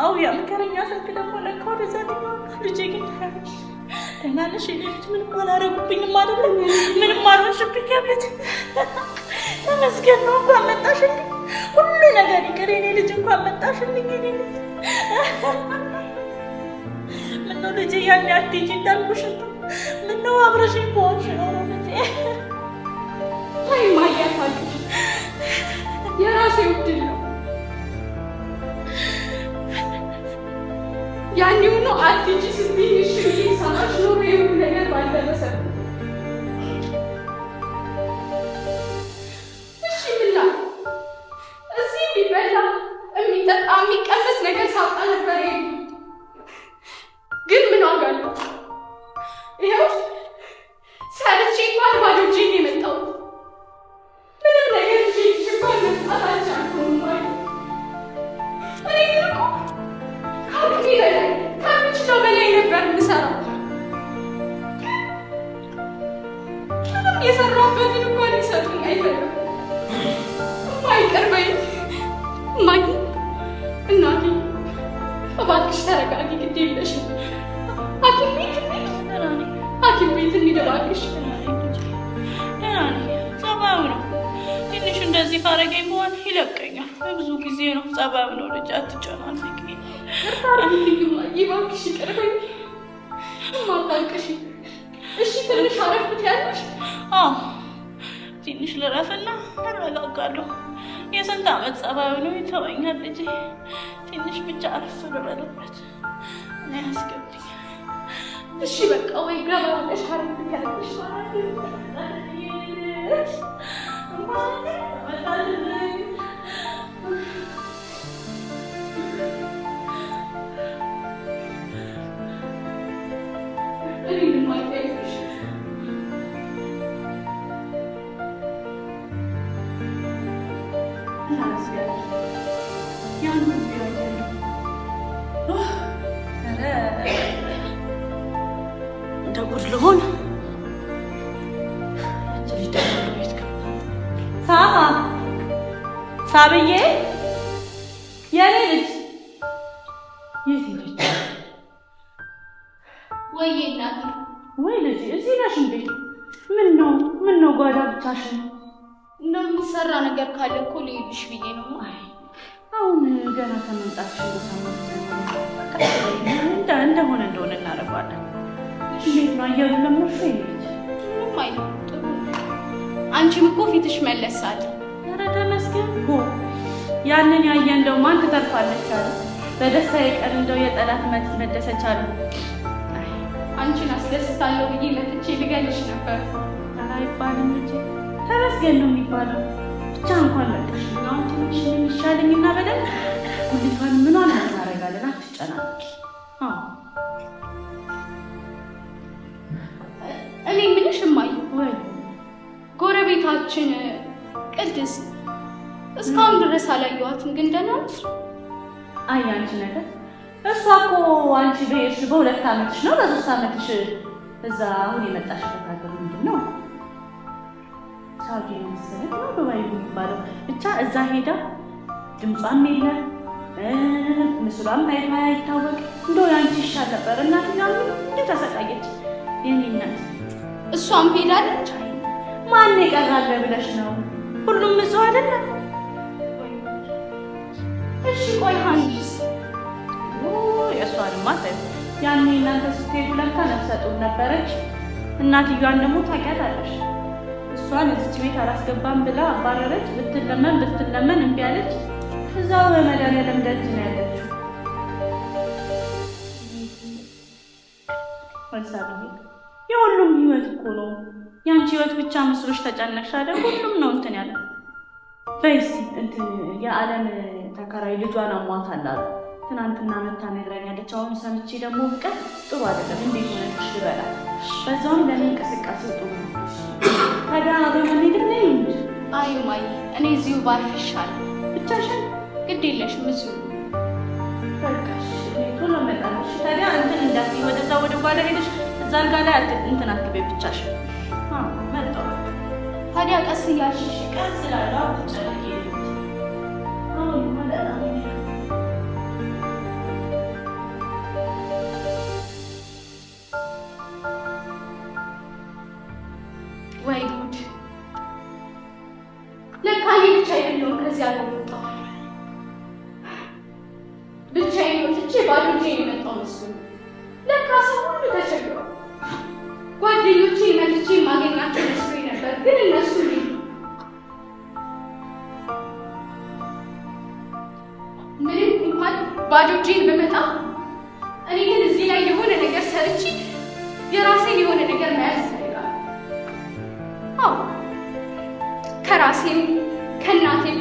አው መከረኛ ስልክ ደግሞ ለካ ወደዛ ልጄ ግን ደህና ነሽ? የእኔ ልጅ ምንም አላረጉብኝም አይደለ? ምንም አልሆንሽብኝ። ተመስገን ነው። እንኳን መጣሽልኝ። ሁሉ ነገር ይቅር፣ የእኔ ልጅ እንኳን መጣሽልኝ። የእኔ ልጅ ምነው ልጄ ያን አትሄጂ እንዳልኩሽ ነው። ምነው አብረሽኝ ከሆንሽ ነው ልጄ የራሴ ውድል ነው ያኔ ሆኖ አትሂጂ ስትይ እሺ ብዬ ሳናሽ ኖሮ ነገር ባልደረሰብኝ ሀባብ ነው ልጅ፣ አትጨናነቂ። እባክሽ ይቅርበኝ፣ ማታልቅሽ። እሺ ትንሽ አረፍት ያለሽ? አዎ ትንሽ ልረፍና እረጋጋለሁ። የስንት ዓመት ጸባዩ ነው ይተወኛል ልጅ። ትንሽ ብቻ አረፍ ልበልበት እና ያስገብ እሺ በቃ ወይ ገባለሽ አረፍት ያለሽ ማለት ነው እንደ ጉድ ልሆን ሳብዬ እንደው ማን ትተርፋለች አሉ። በደስታ የቀር እንደው የጠላት መት መደሰች አሉ። አንቺን አስደስታለሁ ብዬ ለፍቼ ልገልሽ ነበር። አይባልም እንጂ ተመስገን ነው የሚባለው። ብቻ እንኳን ለቀሽ አሁን ትንሽ የሚሻለኝ እና በደንብ ሁኔታን ምኗን እናደርጋለን። አትጨናነቂ። እኔ ምንሽ ማይ ወይ ጎረቤታችን ቅድስት እስካሁን ድረስ አላየኋትም፣ ግን ደህና ነች? አይ አንቺ ነገር እሷ እኮ አንቺ በሄድሽ በሁለት ዓመትሽ ነው በሶስት ዓመትሽ እዛ አሁን የመጣሽበት ሀገር ምንድን ነው ሳውዲ መሰለኝ ነው ዱባይ የሚባለው ብቻ እዛ ሄዳ ድምጿም የለ ምስሏም አይታ አይታወቅ እንደው ያንቺ ይሻል ነበር። እናትኛ እንዴ ተሰቃየች የኔ እናት። እሷም ሄዳለች። ማን ይቀራል ብለሽ ነው? ሁሉም እዛው አይደለም ቆይ ሀኒስ የእሷንማ ያኔ እናንተ ስትሄዱ ለካ ነፍሰ ነበረች። እናትዮዋን ደግሞ ታውቂያታለሽ። እሷን እዚች ቤት አላስገባም ብላ አባረረች። ብትለመን ብትለመን እምቢ አለች። እዛው በመድኃኒዓለም ደጅ ነው ያለችው። መልሳብዬ የሁሉም ህይወት እኮ ነው። የአንቺ ህይወት ብቻ መስሎሽ ተጨነቅሽ አይደል? ሁሉም ነው እንትን ያለው። በይስ የዓለም ተከራይ ልጇን አሟታል ትናንትና መታ ነግራኛለች። አሁን ሰምቼ ደግሞ ብቀር ጥሩ አይደለም። እንዴት ሆነች ይበላል። በዛውም ለእኔ እንቅስቃሴ ጥሩ ነው። ታዲያ በመሄድም አይ ማይ እኔ እዚሁ ባርፍ ብቻሽን ግድ የለሽም እዚሁ ቶሎ መጣለሽ። ታዲያ እንትን እንዳት ወደዛ ወደ ጓዳ ሄደሽ እዛ አልጋ ላይ እንትን አትበይ ብቻሽን። ታዲያ ቀስ እያልሽ ቀስ ሁሉ ተቸግሯል። ጓደኞቼ መልቼ ማገኛቸው መስሎኝ ነበር፣ ግን እነሱ ምንም እንኳን ባዶ እጄን ብመጣ እኔ ግን እዚህ ላይ የሆነ ነገር ሰርቼ የራሴን የሆነ ነገር መያዝ ይፈልጋል። ከራሴም ከእናቴም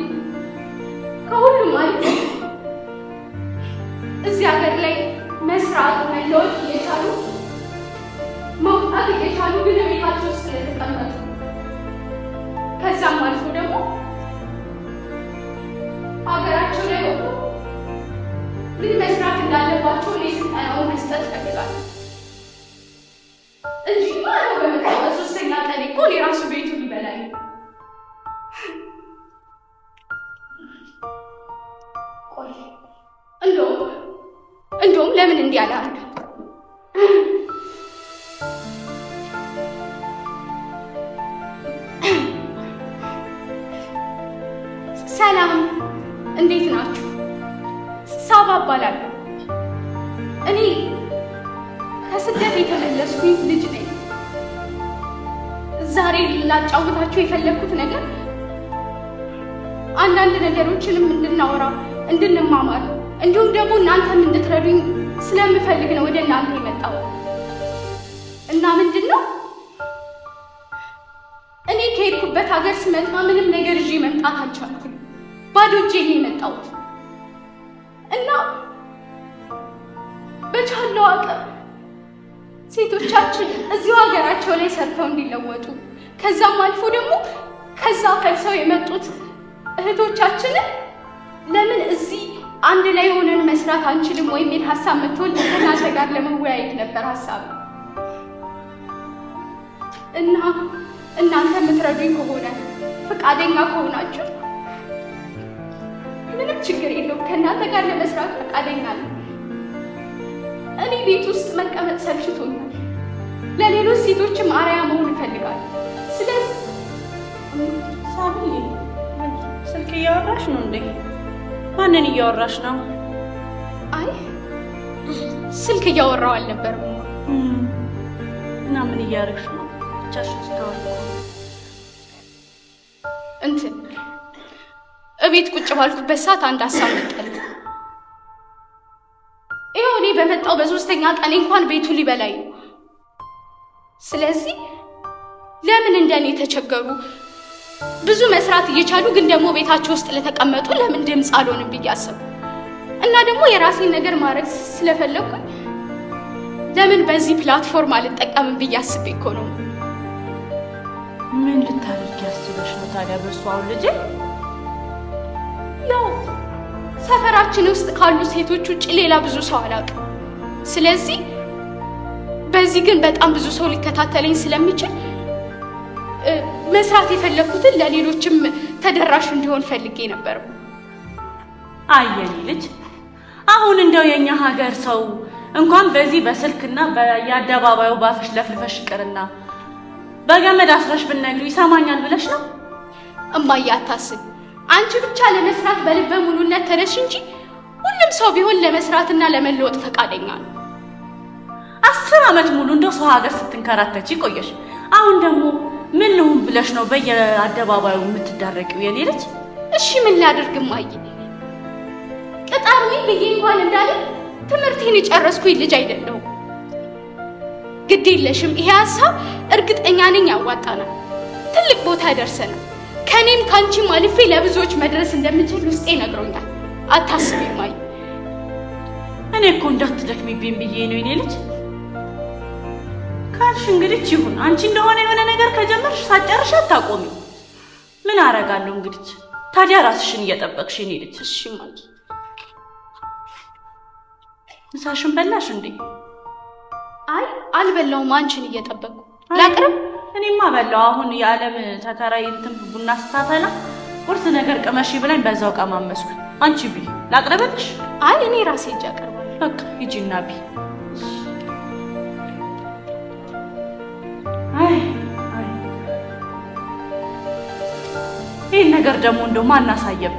ከሁሉም ማለት እዚህ ሀገር ላይ መስራት መለወጥ verdade, eu é boto ወደ እናንተ የመጣው እና ምንድን ነው እኔ ከሄድኩበት ሀገር ስመጣ ምንም ነገር እዤ መምጣት አልቻልኩም። ባዶ እጄን የመጣሁት እና በቻለው አቅም ሴቶቻችን እዚሁ ሀገራቸው ላይ ሰርተው እንዲለወጡ ከዛም አልፎ ደግሞ ከዛ ፈልሰው የመጡት እህቶቻችንን ለምን እዚህ አንድ ላይ ሆነን መስራት አንችልም ወይ የሚል ሀሳብ መጥቶል ከእናንተ ጋር ለመወያየት ነበር ሀሳብ እና እናንተ የምትረዱኝ ከሆነ ፈቃደኛ ከሆናችሁ ምንም ችግር የለውም። ከእናንተ ጋር ለመስራት ፈቃደኛ ነው። እኔ ቤት ውስጥ መቀመጥ ሰልችቶኛል። ለሌሎች ሴቶችም አርያ መሆን እፈልጋለሁ። ስለዚህ ሳቢ ስልክ እያወራሽ ነው እንዴ? ማንን እያወራሽ ነው? አይ ስልክ እያወራው አልነበርም። እና ምን እያደረግሽ ነው? ብቻሽን ስታወራ እንትን እቤት ቁጭ ባልኩበት ሰዓት አንድ ሀሳብ መጠል። ይኸው እኔ በመጣው በሶስተኛ ቀን እንኳን ቤቱ ሊበላይ ነው። ስለዚህ ለምን እንደኔ የተቸገሩ ብዙ መስራት እየቻሉ ግን ደግሞ ቤታቸው ውስጥ ለተቀመጡ ለምን ድምፅ አልሆንም ብዬ አስብ እና ደግሞ የራሴን ነገር ማድረግ ስለፈለግኩ ለምን በዚህ ፕላትፎርም አልጠቀምም ብዬ አስቤ እኮ ነው። ምን ልታደርጊ ያስበሽ ነው ታዲያ? በእሱ አሁን ልጄ ያው ሰፈራችን ውስጥ ካሉ ሴቶች ውጭ ሌላ ብዙ ሰው አላውቅም። ስለዚህ በዚህ ግን በጣም ብዙ ሰው ሊከታተለኝ ስለሚችል መስራት የፈለግኩትን ለሌሎችም ተደራሽ እንዲሆን ፈልጌ ነበር። አየኔ ልጅ አሁን እንደው የኛ ሀገር ሰው እንኳን በዚህ በስልክና የአደባባዩ ባፍሽ ለፍልፈሽ ቅርና በገመድ አስረሽ ብነግሩ ይሰማኛል ብለሽ ነው? እማዬ አታስብ። አንቺ ብቻ ለመስራት በልበ ሙሉነት ተነሽ እንጂ ሁሉም ሰው ቢሆን ለመስራትና ለመለወጥ ፈቃደኛ ነው። አስር ዓመት ሙሉ እንደው ሰው ሀገር ስትንከራተች ቆየሽ። አሁን ደግሞ ምን ልሁን ብለሽ ነው በየአደባባዩ የምትዳረቂው የኔ ልጅ? እሺ ምን ላድርግ እማዬ? ቅጠሩኝ ብዬ እንኳን እንዳለ ትምህርቴን የጨረስኩኝ ልጅ አይደለሁም። ግድ የለሽም፣ ይሄ ሀሳብ እርግጠኛ ነኝ ያዋጣናል፣ ትልቅ ቦታ ያደርሰናል። ከእኔም ከአንቺም አልፌ ለብዙዎች መድረስ እንደምችል ውስጤ ነግሮኛል። አታስቢ እማዬ። እኔ እኮ እንዳትደክሚብኝ ብዬ ነው የኔ ልጅ ካልሽ እንግዲህ ይሁን። አንቺ እንደሆነ የሆነ ነገር ከጀመርሽ ሳጨርሽ አታቆሚ። ምን አረጋለሁ እንግዲህ ታዲያ ራስሽን እየጠበቅሽ እኔ ልጅ። እሺ ማለት ምሳሽን በላሽ እንዴ? አይ አልበላውም፣ አንቺን እየጠበቅኩ ላቅርብ። እኔማ በላው። አሁን የዓለም ተከራይ እንትን ቡና ስታፈላ ቁርስ ነገር ቅመሽ ብላኝ በዛው ቀማመስኩ። አንቺ ቢ ላቅርብልሽ? አይ እኔ ራሴ እጅ አቀርባለሁ። በቃ ሂጂና ቢ ይህን ነገር ደግሞ እንደው ማናሳየብ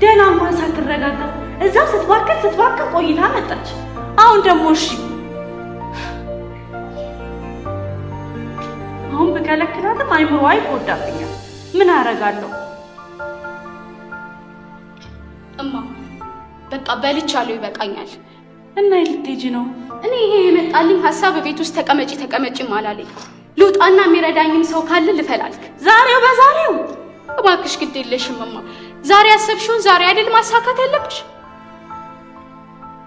ደህና እንኳን ሳትረጋጋ እዛ ስትባክን ስትባክን ቆይታ መጣች። አሁን ደግሞ እሺ አሁን ብከለክላትም አይምሮ ይጎዳብኛል። ምን አደርጋለሁ? እማ በቃ በልቻለሁ፣ ይበቃኛል። እና ልትሄጂ ነው? እኔ ይሄ የመጣልኝ ሀሳብ ቤት ውስጥ ተቀመጪ ተቀመጪም አላለኝ። ልውጣና የሚረዳኝም ሰው ካለ ልፈላልክ ዛሬው በዛሬው እባክሽ ግድ የለሽም እማ። ዛሬ ያሰብሽውን ዛሬ አይደል ማሳካት ያለብሽ?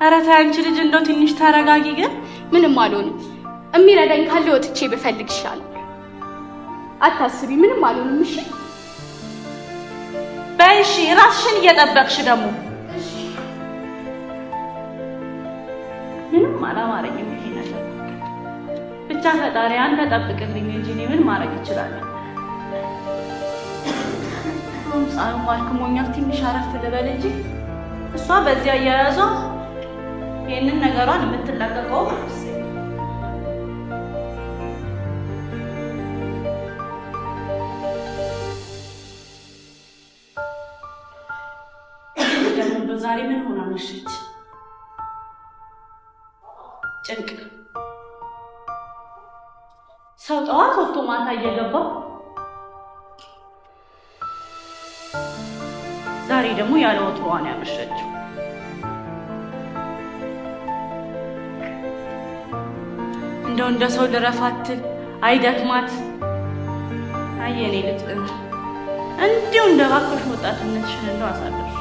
ኧረ ተይ አንቺ ልጅ እንደው ትንሽ ተረጋጊ። ግን ምንም አልሆንም። እሚረዳኝ ካለ ወጥቼ ብፈልግ ይሻላል። አታስቢ፣ ምንም አልሆንም። እሺ በይ፣ እሺ ራስሽን እየጠበቅሽ ደግሞ ምንም አላማረኝም። ይሄ ነገር ብቻ ፈጣሪ አንተ ጠብቅልኝ እንጂ እኔ ምን ማድረግ እችላለሁ? ሁም ጻኑ አልክሞኛል። ትንሽ አረፍ ልበል እንጂ እሷ በዚህ አያያዟ ይህንን ነገሯን የምትላቀቀው ዛሬ ምን ሆና መሸች? ጭንቅ ሰው ጠዋት ወጥቶ ማታ እየገባው ደግሞ ያለ ወትሮዋ ነው ያመሸችው። እንደው እንደ ሰው ልረፋትል አይደክማት አየኔ ልጥ እንዲሁ እንደ ባክሽ ወጣትነትሽን እንደው አሳለፍሽ።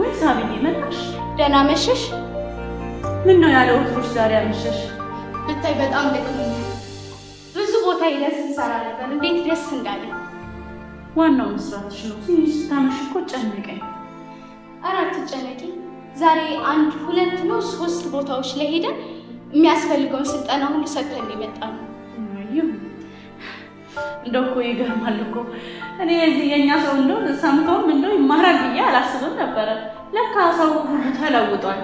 ወይ ሳብዬ መጣሽ? ደህና መሸሽ። ምን ነው ያለው ወትሮሽ ዛሬ አመሸሽ? ብታይ በጣም ደክሞኛል። ቦታ ሄደን ስንሰራ ነበር። እንዴት ደስ እንዳለ። ዋናው መስራትሽ ነው። ትንሽ ስታመሽ እኮ ጨነቀኝ። ኧረ አትጨነቂ። ዛሬ አንድ ሁለት ነው ሶስት ቦታዎች ላይ ሄደን የሚያስፈልገውን ስልጠና ሁሉ ሰጥተን የመጣ ነው። እንደው እኮ ይገርማል እኮ እኔ የዚህ የእኛ ሰው እንደው ሰምተውም እንደው ይማራል ብዬ አላስብም ነበረ። ለካ ሰው ሁሉ ተለውጧል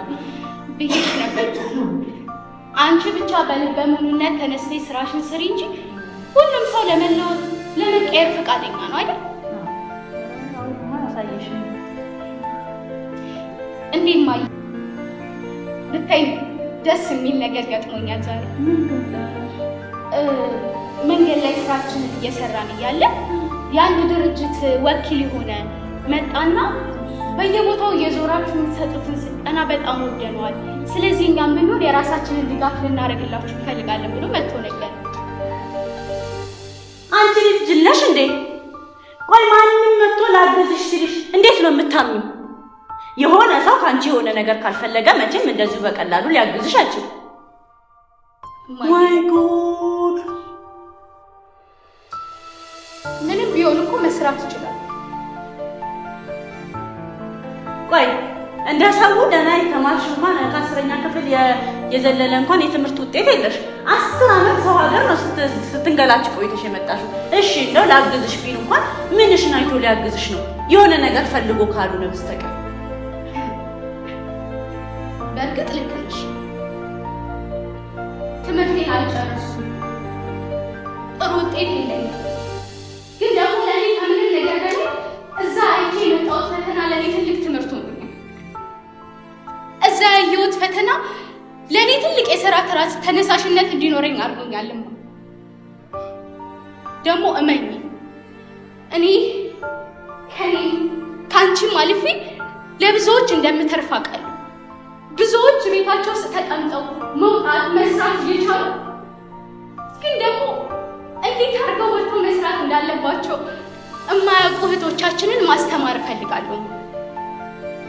ብዬሽ ነበር። አንቺ ብቻ በልበ ሙሉነት ተነስተሽ ስራሽን ስሪ እንጂ ሁሉም ሰው ለመለወጥ ለመቀየር ፈቃደኛ ነው አይደል? እንዴ ማይ ብታይ ደስ የሚል ነገር ገጥሞኛል ዛሬ። መንገድ ላይ ስራችንን እየሰራን እያለ የአንዱ ድርጅት ወኪል የሆነ መጣና በየቦታው እየዞራችሁ የምትሰጡትን ስልጠና በጣም ወደነዋል። ስለዚህ እኛ የምንሆን የራሳችንን ድጋፍ ልናደርግላችሁ እንፈልጋለን ብሎ መጥቶ ነች። አንቺ ልጅ ጅነሽ እንዴ? ቆይ ማንም መጥቶ ላገዝሽ ሲልሽ እንዴት ነው የምታምኙ? የሆነ ሰው ከአንቺ የሆነ ነገር ካልፈለገ መቼም እንደዚሁ በቀላሉ ሊያግዝሽ አችው። ማይ ጉድ! ምንም ቢሆን እኮ መስራት ይችላል። ቆይ እንደ ሰው ደህና የተማርሽ እንኳን ከአስረኛ ክፍል የዘለለ እንኳን የትምህርት ውጤት የለሽ። አስር ዓመት ሰው ሀገር ነው ስትንገላች ቆይተሽ የመጣሽው። እሺ እንደው ላግዝሽ ቢል እንኳን ምንሽን አይቶ ሊያግዝሽ ነው? የሆነ ነገር ፈልጎ ካሉ ነው በስተቀር። በእርግጥ ልክ ነሽ። ትምህርቴን አልጨረስኩም፣ ጥሩ ውጤት የለኝም። ግን ደግሞ ለእኔ ከምንም ነገር ደግሞ እዛ አይቼ የመጣሁት ፈተና ለእኔ ትልቅ ትምህርቱ ነው በዛ ህይወት ፈተና ለእኔ ትልቅ የስራ ትራስ ተነሳሽነት እንዲኖረኝ አድርጎኛልማ። ደግሞ እመኝ እኔ ከኔ ከአንቺም አልፌ ለብዙዎች እንደምተርፍ አውቃለሁ። ብዙዎች ቤታቸው ውስጥ ተቀምጠው መውጣት መስራት እየቻሉ ግን ደግሞ እንዴት አድርገው ወጥቶ መስራት እንዳለባቸው እማያውቁ እህቶቻችንን ማስተማር እፈልጋለሁ።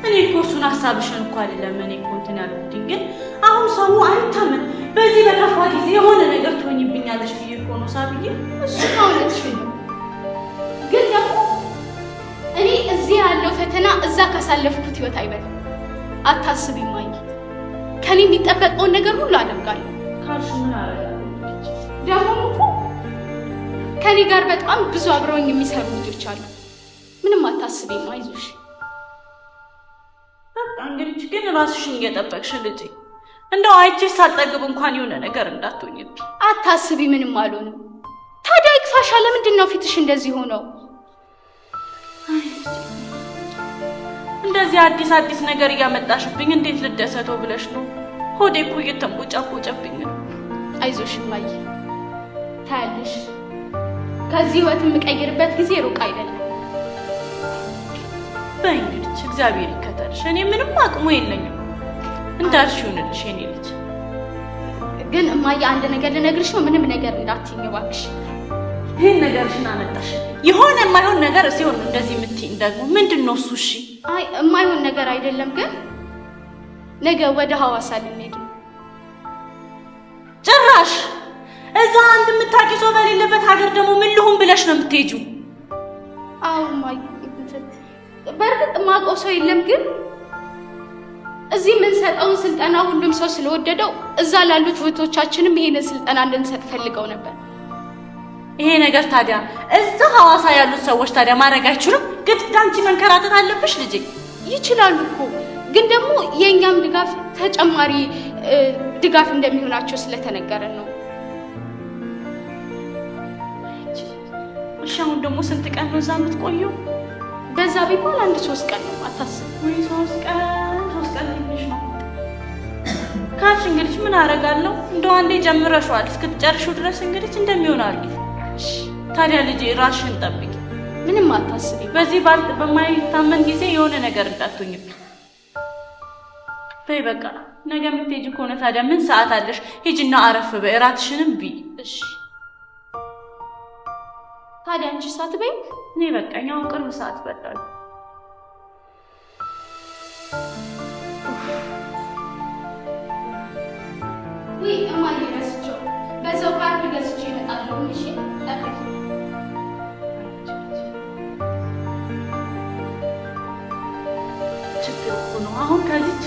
እኔ እኮ እሱን ሀሳብሽን እኮ አይደለም እኔ እኮ እንትን ያልኩትኝ፣ ግን አሁን ሰሙ አይታምን በዚህ በከፋ ጊዜ የሆነ ነገር ትሆኝብኛለሽ ብዬ እኮ ነው ሳብዬ። እሱ ማለትሽ ነው። ግን ደግሞ እኔ እዚህ ያለው ፈተና እዛ ካሳለፍኩት ህይወት አይበልም። አታስቢ ማይ፣ ከኔ የሚጠበቀውን ነገር ሁሉ አደርጋለሁ ካልሽ ምን አረጋለሁ። ደግሞ እኮ ከኔ ጋር በጣም ብዙ አብረውኝ የሚሰሩ ልጆች አሉ። ምንም አታስቢ ማይዞሽ እንግዲህ ግን ራስሽን እየጠበቅሽ ልጅ እንደው አይቼሽ ሳጠግብ እንኳን የሆነ ነገር እንዳትሆኝ። አታስቢ፣ ምንም አልሆንም። ታዲያ ይቅፋሻ። ለምንድን ነው ፊትሽ እንደዚህ ሆነው? እንደዚህ አዲስ አዲስ ነገር እያመጣሽብኝ እንዴት ልደሰተው ብለሽ ነው? ሆዴ እኮ እየተንቦጫቦጨብኝ ነው። አይዞሽ እማዬ፣ ታያለሽ። ከዚህ ህይወት የምቀይርበት ጊዜ ሩቅ አይደለም። በይ እንግዲህ እግዚአብሔር ይከተልሽ። እኔ ምንም አቅሙ የለኝም። እንዳልሽ ይሁንልሽ የኔ ልጅ። ግን እማዬ አንድ ነገር ልነግርሽ ነው። ምንም ነገር እንዳትይኝ እባክሽ። ይህን ነገርሽን አመጣሽ። የሆነ የማይሆን ነገር ሲሆን እንደዚህ የምትይኝ ደግሞ ምንድን ነው እሱ? እሺ፣ አይ የማይሆን ነገር አይደለም። ግን ነገ ወደ ሀዋሳ ልንሄድ ነው። ጭራሽ እዛ አንድ የምታውቂ ሰው በሌለበት ሀገር ደግሞ ምን ልሁን ብለሽ ነው የምትሄጂው? በእርግጥ የማውቀው ሰው የለም፣ ግን እዚህ የምንሰጠውን ስልጠና ሁሉም ሰው ስለወደደው እዛ ላሉት እህቶቻችንም ይሄንን ስልጠና እንድንሰጥ ፈልገው ነበር። ይሄ ነገር ታዲያ እዛ ሐዋሳ ያሉት ሰዎች ታዲያ ማድረግ አይችሉም? ግድ አንቺ መንከራተት አለብሽ ልጄ። ይችላሉ እኮ ግን ደግሞ የእኛም ድጋፍ ተጨማሪ ድጋፍ እንደሚሆናቸው ስለተነገረን ነው። እሺ አሁን ደግሞ ስንት ቀን ነው እዛ የምትቆየው? በዛ ቢባል አንድ ሶስት ቀን ነው። አታስብ። ሶስት ቀን ሶስት ቀን ትንሽ ነው። ካልሽ እንግዲህ ምን አደርጋለሁ? እንደው አንዴ ጀምረሽዋል እስክትጨርሺው ድረስ እንግዲህ እንደሚሆን አድርጊ። ታዲያ ልጄ ራስሽን ጠብቂ፣ ምንም አታስቢ። በዚህ ባል በማይታመን ጊዜ የሆነ ነገር እንዳትሆኝብኝ። በይ በቃ ነገ የምትሄጂ ከሆነ ታዲያ ምን ሰዓት አለሽ? ሂጂና አረፍ በይ፣ እራትሽንም ብይ። እሺ ታዲያ አንቺ ሳትበይ እኔ በቃኝ። አሁን ቅርብ ሰዓት በላል። ውይ እማዬ ረስቼው በዛው ገዝቼ እመጣለሁ። እሺ ጠብቂ። አሁን ከዚች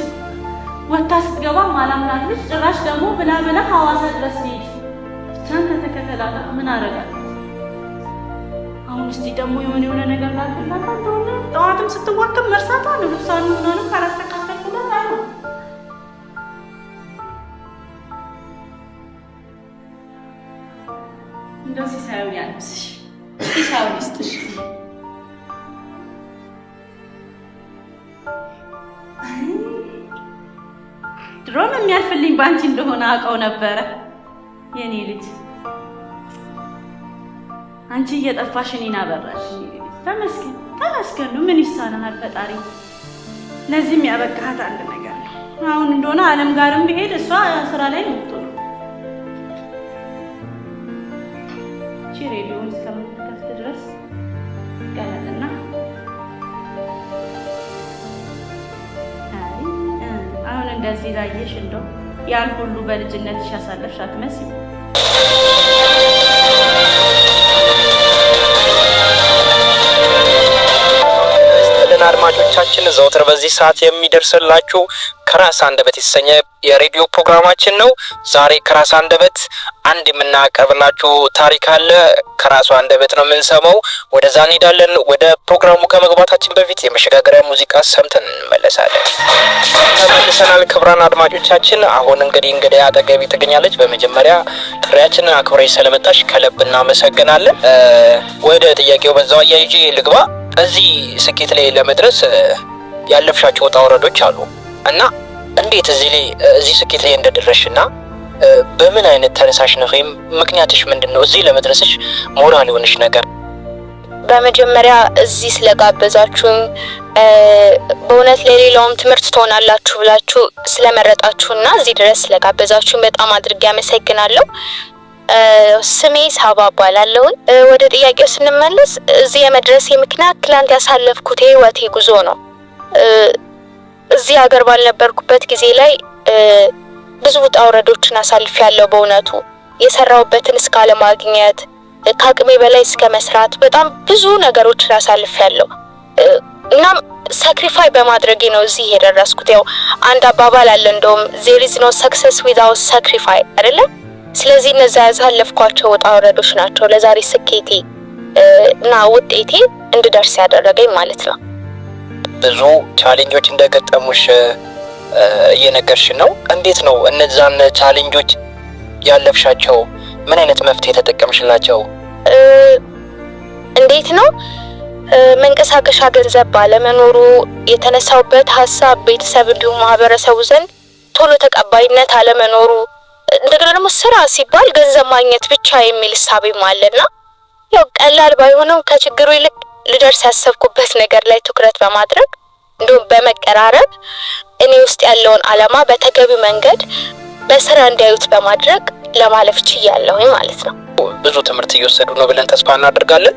ወታ ስትገባ ማላምናለች። ጭራሽ ደግሞ ብላ ብላ ሐዋሳ ድረስ ሄድ ብቻን ከተከተላለ ምን አረጋል አሁን እስቲ ደግሞ የሆነ የሆነ ነገር ላልፍላት እንደሆነ ጠዋትም ስትዋቅም መርሳቷ ነው። ልብሳን ምናምን ካላስተካከልኩላት አሉ እንደዚህ ሳይሆን ያልብስሽ ድሮም የሚያልፍልኝ እንደሆነ አውቀው ነበረ የኔ ልጅ። አንቺ እየጠፋሽ እኔን አበራሽ። ተመስገን ተመስገን። ምን ይሳናል ፈጣሪ። ለዚህም ያበቃሃት አንድ ነገር ነው። አሁን እንደሆነ አለም ጋርም ቢሄድ እሷ ስራ ላይ ነው የምትሆነው። ቺ ሬዲዮን እስከምትከፍት ድረስ ይቀላልና አሁን እንደዚህ ላየሽ እንደው ያን ሁሉ በልጅነትሽ ያሳለፍሽ መስል ተመልካቾቻችን ዘውትር በዚህ ሰዓት የሚደርስላችሁ ከራስ አንደበት የተሰኘ የሬዲዮ ፕሮግራማችን ነው። ዛሬ ከራስ አንደበት አንድ የምናቀርብላችሁ ታሪክ አለ። ከራሱ አንደበት ነው የምንሰማው። ወደዛ እንሄዳለን። ወደ ፕሮግራሙ ከመግባታችን በፊት የመሸጋገሪያ ሙዚቃ ሰምተን እንመለሳለን። ተመልሰናል። ክብራን አድማጮቻችን፣ አሁን እንግዲህ እንግዲህ አጠገቢ ትገኛለች። በመጀመሪያ ጥሪያችንን አክብሬ ስለመጣሽ ከልብ እናመሰግናለን። ወደ ጥያቄው በዛው አያይዤ ልግባ። እዚህ ስኬት ላይ ለመድረስ ያለፍሻቸው ውጣ ውረዶች አሉ እና እንዴት እዚህ ላይ እዚህ ስኬት ላይ እንደደረሽ እና በምን አይነት ተነሳሽነት ወይም ምክንያትሽ ምንድን ነው? እዚህ ለመድረስሽ ሞራል የሆንሽ ነገር በመጀመሪያ እዚህ ስለጋበዛችሁም በእውነት ለሌላውም ትምህርት ትሆናላችሁ ብላችሁ ስለመረጣችሁና እዚህ ድረስ ስለጋበዛችሁም በጣም አድርጌ አመሰግናለሁ። ስሜ ሳባ እባላለሁ። ወደ ጥያቄው ስንመለስ እዚህ የመድረሴ ምክንያት ትላንት ያሳለፍኩት የህይወቴ ጉዞ ነው። እዚህ ሀገር ባልነበርኩበት ጊዜ ላይ ብዙ ውጣ ውረዶችን አሳልፍ ያለው በእውነቱ የሰራውበትን እስከ ለማግኘት ከአቅሜ በላይ እስከ መስራት በጣም ብዙ ነገሮችን አሳልፍ ያለው እናም ሳክሪፋይ በማድረጌ ነው እዚህ የደረስኩት። ያው አንድ አባባል አለ እንደውም ዜር ኢዝ ኖ ሰክሰስ ዊዛውት ሳክሪፋይ አይደለም ስለዚህ እነዚያ ያሳለፍኳቸው ወጣ ወረዶች ናቸው ለዛሬ ስኬቴ እና ውጤቴ እንድደርስ ያደረገኝ ማለት ነው። ብዙ ቻሌንጆች እንደገጠሙሽ እየነገርሽ ነው። እንዴት ነው እነዛን ቻሌንጆች ያለፍሻቸው? ምን አይነት መፍትሄ ተጠቀምሽላቸው? እንዴት ነው መንቀሳቀሻ ገንዘብ ባለመኖሩ የተነሳውበት ሀሳብ ቤተሰብ እንዲሁም ማህበረሰቡ ዘንድ ቶሎ ተቀባይነት አለመኖሩ እንደገና ደግሞ ስራ ሲባል ገንዘብ ማግኘት ብቻ የሚል እሳቤም አለና ያው ቀላል ባይሆነው ከችግሩ ይልቅ ልደርስ ያሰብኩበት ነገር ላይ ትኩረት በማድረግ እንዲሁም በመቀራረብ እኔ ውስጥ ያለውን አላማ በተገቢው መንገድ በስራ እንዲያዩት በማድረግ ለማለፍ ችያለሁኝ ማለት ነው። ብዙ ትምህርት እየወሰዱ ነው ብለን ተስፋ እናደርጋለን።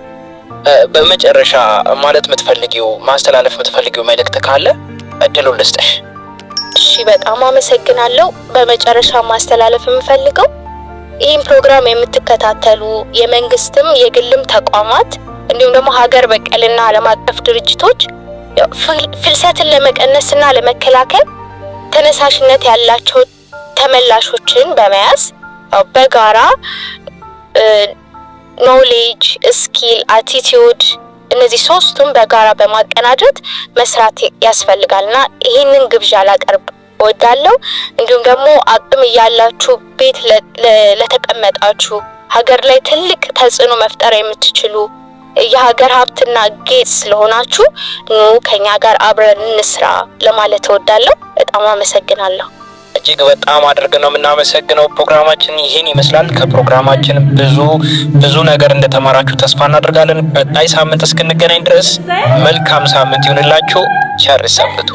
በመጨረሻ ማለት የምትፈልጊው ማስተላለፍ የምትፈልጊው መልእክት ካለ እድሉን ልስጠሽ። እሺ፣ በጣም አመሰግናለሁ። በመጨረሻ ማስተላለፍ የምፈልገው ይህን ፕሮግራም የምትከታተሉ የመንግስትም የግልም ተቋማት እንዲሁም ደግሞ ሀገር በቀልና ዓለም አቀፍ ድርጅቶች ፍልሰትን ለመቀነስና ለመከላከል ተነሳሽነት ያላቸው ተመላሾችን በመያዝ በጋራ ኖሌጅ፣ ስኪል፣ አቲቲዩድ እነዚህ ሶስቱን በጋራ በማቀናጀት መስራት ያስፈልጋልና ይህንን ግብዣ ላቀርብ ወዳለው እንዲሁም ደግሞ አቅም እያላችሁ ቤት ለተቀመጣችሁ ሀገር ላይ ትልቅ ተጽዕኖ መፍጠር የምትችሉ የሀገር ሀብትና ጌጥ ስለሆናችሁ ኑ ከኛ ጋር አብረን እንስራ ለማለት እወዳለሁ። በጣም አመሰግናለሁ። እጅግ በጣም አድርገን ነው የምናመሰግነው። ፕሮግራማችን ይህን ይመስላል። ከፕሮግራማችን ብዙ ብዙ ነገር እንደተማራችሁ ተስፋ እናደርጋለን። በጣይ ሳምንት እስክንገናኝ ድረስ መልካም ሳምንት ይሁንላችሁ። ቸር ሰንብቱ።